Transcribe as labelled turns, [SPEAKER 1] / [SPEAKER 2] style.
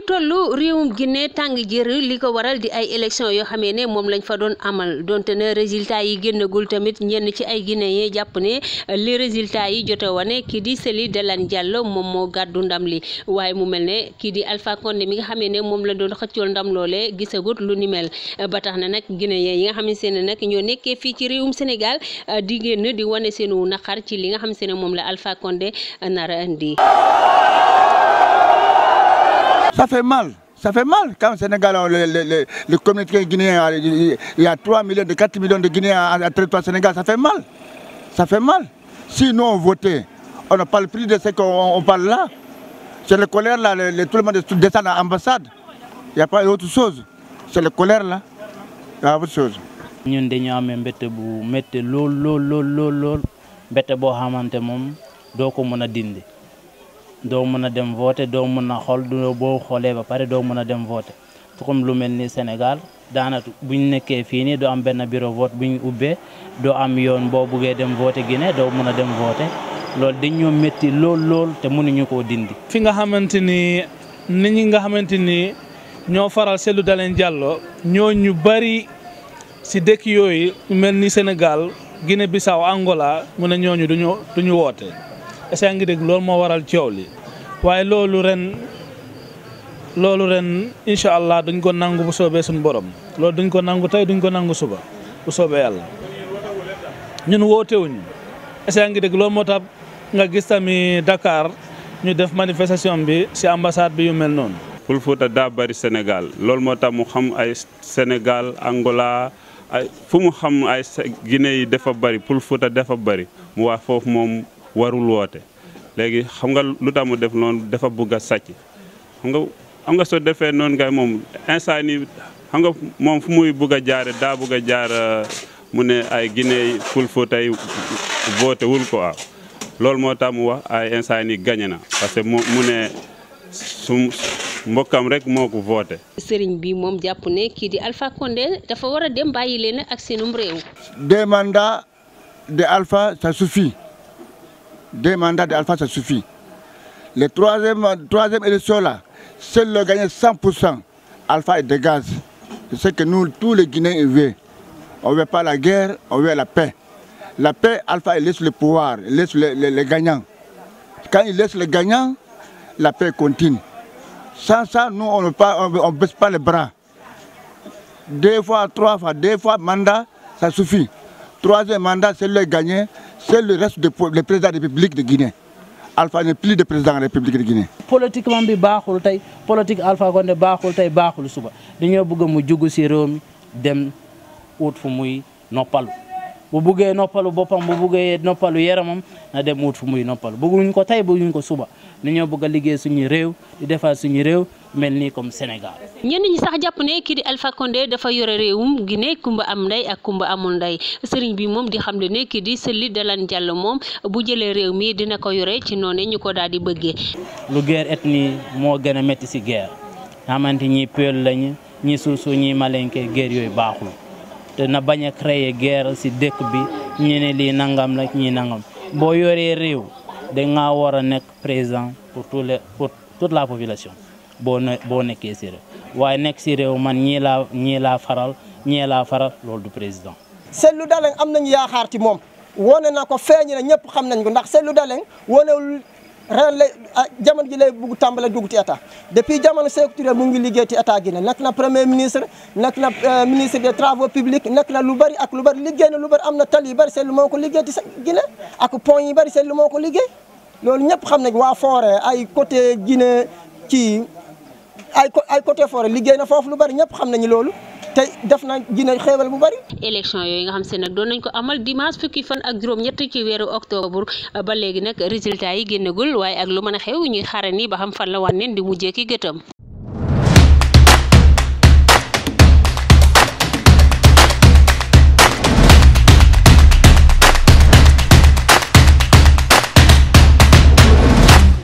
[SPEAKER 1] ñu toll réewum Guinée tàng jër li ko waral di ay élection yoo xamee ne moom lañ fa doon amal donte ne résultat yi génnagul tamit ñenn ci ay Guinéens jàpp ne li résultat yi jote wane kii di Cellou Dalein Diallo moom moo gàddu ndam li waaye mu mel ne kii di Alpha Condé mi nga xamee ne moom la doon xëccool ndam loolee gisagut lu ni mel ba na nag Guinéens yi nga xamante ne nag ñoo nekkee fii ci réewum Sénégal di génn di wane seenu naqar ci li nga xamante ne moom la Alpha nar a indi
[SPEAKER 2] Ça fait mal. Ça fait mal quand au Sénégal, les, les, les, les communautés guinéens, il y a 3 millions, de 4 millions de Guinéens à, à territoire mal. Ça mal. Si nous on on ne parle plus de ce qu'on parle là. C'est la colère là, le, tout le monde descend à l'ambassade. Il n'y a pas autre chose. C'est la colère là. Il y a autre chose.
[SPEAKER 3] ñun dañu bu métti lool lool lool lool lool mbette boo xamante moom doo ko mën a dindi doo mën a dem voter doo mën a xool du boo xoolee ba pare doo mën a dem voote comme lu mel ni Sénégal daanaka buñ nekkee fii nii doo am benn bureau bu buñ ubbee doo am yoon boo buggee dem voter Guinée doo mën a dem voter loolu dañoo metti lool lool te mënuñu koo dindi. fi nga xamante ni nit ñi nga xamante ni ñoo faral Cellou Dalein Diallo ñoo ñu bari si dëkk yooyu mel ni Sénégal Guinée Bissau Angola mu ne ñooñu duñu ñu woote. est-ce loolu moo waral ci coow li waaye loolu ren loolu ren incha allah duñ ko nangu bu soobee suñu borom loolu duñ ko nangu tey duñ ko nangu suba bu soobee yàlla ñun wootewuñu est-ce loolu moo tax nga gis tamit Dakar ñu
[SPEAKER 4] def manifestation bi ci ambassade bi yu mel noonu. Pël Fuuta daa bari Sénégal loolu moo tax mu xam ay Sénégal Angola ay fu mu xam ay Guinée yi dafa bari Pël Fuuta dafa bari mu waa foofu moom. warul woote léegi xam nga lu tax mu def noonu dafa bugg a sàcc xam nga xam nga soo defee noonu kay moom instant xam nga moom fu muy bugg a jaare daa bugg a jaar uh, mu ne ay Guinée ful foo tey voté wul loolu moo tax mu wax ay instant ni na parce que mu ne su mbokkam rek moo ko voté.
[SPEAKER 1] sëriñ bi moom jàpp ne kii di Alpha Condé dafa war a dem bàyyi leen ak seenum réew.
[SPEAKER 2] deux mandats de Alpha ça suffit. deux mandats d'Alpha, ça suffit. Les troisième, troisième élection là, seul le gagné 100%, Alpha est de gaz. C'est ce que nous, tous les Guinéens, veulent. On ne veut pas la guerre, on veut la paix. La paix, Alpha, il laisse le pouvoir, il laisse les, les, les gagnants. Quand il laisse la paix continue. Sans ça, nous, on ne pas, on, on baisse pas les bras. Deux fois, trois fois, deux fois, mandat, ça Troisième mandat, c'est le gagné, c'est le reste des le président de la République de Guinée. Alpha n'est plus de président de la République de Guinée.
[SPEAKER 3] Politiquement, bi baaxul tey politique Alpha Condé baaxul tey baaxul suba dañoo bëgg mu jugu si réew mi dem ut fu muy noppalu bu buggee noppalu boppam bu buggee noppalu yaramam na dem ut fu muy noppalu bëgguñ ko tey bëgguñ ko suba dañoo bëgg a liggéey suñu réew di defar suñu réew. mel nii comme Sénégal.
[SPEAKER 1] ñenn ñi sax jàpp ne kii di Alpha Condé dafa yore réewum Guinée kumba am ndey ak kumba amul ndey sëriñ bi moom di xamle ne kii di Cellou Dalein jàll moom bu jëlee réew mii dina ko yore ci noonu ñu ko daal di bëggee.
[SPEAKER 3] lu guerre ethnie moo gën a métti si guerre xamante ñi Peul lañu ñi Sousou ñi Malinké guerre yooyu baaxul te na bañ a créer guerre si dëkk bi ñu ne nangam la ñi nangam boo yoree réew da ngaa war a nekk présent pour tout le pour toute la population. boo ne boo nekkee séeréer waaye nekk si réew man ñii laa ñii laa faral ñii laa faral loolu du président.
[SPEAKER 5] Cellou Dalein am nañu yaakaar ci moom wone na ko feeñ na ñëpp xam nañ ko ndax Cellou Dalein wonewul ren lay ah, jamono ji lay bugg tàmbale dugg ci état depuis jamono Sékou Touré mu ngi liggéey ci état gi nekk na premier ministre nekk na euh, ministre des travaux publics nekk na lu bari ak lu bari liggéey na lu bari am na tali yu bari Cellou moo ko liggéey ci Guinée ak pont bari Cellou moo ko liggéey loolu ñëpp xam nañ waa ay ay côté forêt liggéey na foofu lu bari ñëpp xam nañu loolu te def na dina xeewal bu bari.
[SPEAKER 1] élection yooyu nga xam si nag doon nañ ko amal dimanche fukki fan ak juróom-ñett ci weeru octobre ba léegi nag résultat yi génneegul waaye ak lu mën a xew ñuy xaarandi ba xam fan la wànneen di mujjee ki gëtam.